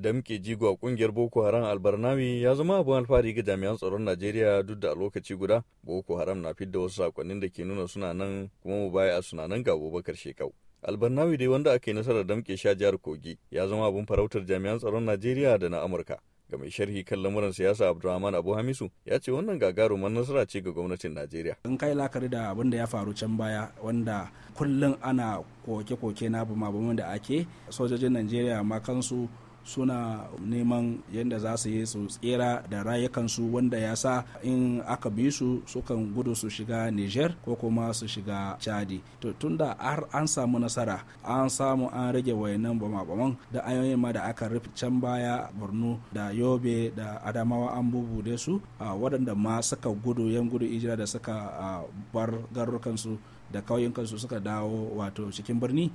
damke jigo a kungiyar boko haram albarnawi ya zama abin alfahari ga jami'an tsaron najeriya duk da a lokaci guda boko haram na fidda wasu sakonnin da ke nuna suna nan kuma mu baya suna nan ga abubakar shekau albarnawi dai wanda aka yi nasarar damke sha jihar kogi ya zama abin farautar jami'an tsaron najeriya da na amurka ga mai sharhi kan lamuran siyasa abdulrahman abu hamisu ya ce wannan gagarumar nasara ce ga gwamnatin najeriya in kai lakari da abin da ya faru can baya wanda kullum ana koke-koke na bumabumin da ake sojojin najeriya ma kansu suna neman yadda za su yi su tsira da rayukansu wanda ya sa in aka bi su sukan gudu su shiga niger ko kuma su shiga chadi to tunda har an samu nasara an samu an rage wayannan bama-baman da ayoyin ma da aka rufe can baya borno da yobe da adamawa an bubude su wadanda ma suka gudu yan gudu ijira da suka bar garurukansu da kauyukansu suka dawo wato cikin birni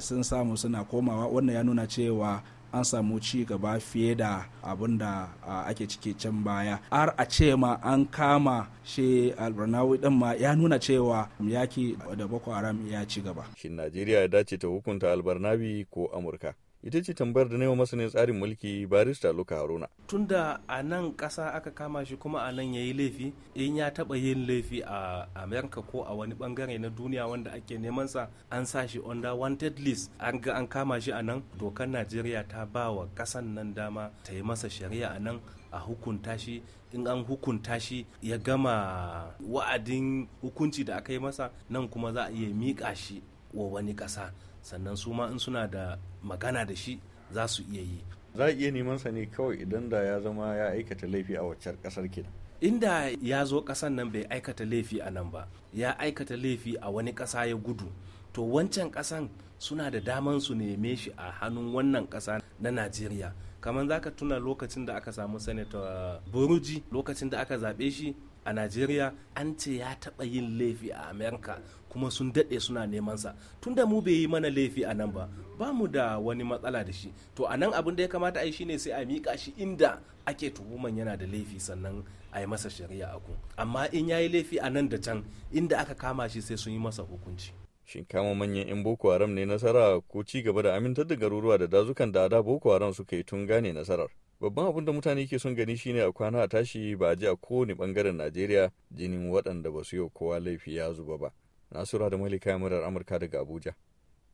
sun samu suna komawa wannan ya nuna cewa an samu ci gaba fiye da abin da ake ciki can baya har a ce ma an kama shi albarnawi din ma ya nuna cewa yaki da boko haram ya ci gaba shin najeriya ya dace ta hukunta albarnabi ko amurka ita ce tambayar da nema masanin tsarin mulki barista luka haruna tunda a nan ƙasa aka kama shi kuma a nan ya yi laifi in ya taɓa yin laifi a amerika ko a wani bangare na duniya wanda ake neman sa an sa shi under wanted list an ga an kama shi a nan dokar najeriya ta ba wa ƙasan nan dama ta yi masa shari'a a nan a hukunta shi in an hukunta shi ya gama wa'adin hukunci da aka yi masa nan kuma za a iya miƙa shi wa wani ƙasa sannan su ma in suna da magana da shi za su iya yi za a iya neman sa ne kawai idan da ya zama ya aikata laifi a waccan ƙasar kenan inda ya zo ƙasan nan bai aikata laifi a nan ba ya aikata laifi a wani ƙasa ya gudu to wancan ƙasan suna da daman su neme shi a hannun wannan ƙasa na najeriya kamar za ka tuna lokacin da aka samu senator buruji lokacin da aka zaɓe shi a najeriya an ce ya taɓa yin laifi a amerika kuma sun daɗe suna nemansa tun da mu bai yi mana laifi a nan ba ba mu da wani matsala da shi to a nan abin da ya kamata a yi shine sai a miƙa shi inda ake tuhuman yana da laifi sannan a yi masa shari'a a amma in ya yi laifi a nan da can inda aka kama shi sai sun yi masa hukunci Shin kama manyan 'yan Boko Haram ne nasara ko ci gaba da amintar da garuruwa da dazukan da da Boko Haram suka yi tun gane nasarar? Babban abin da mutane ke son gani shine a kwana a tashi ba a ji a kowane bangaren Najeriya jinin waɗanda ba su yi kowa laifi ya zuba ba. Nasura da Malika Murar Amurka daga Abuja,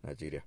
Najeriya.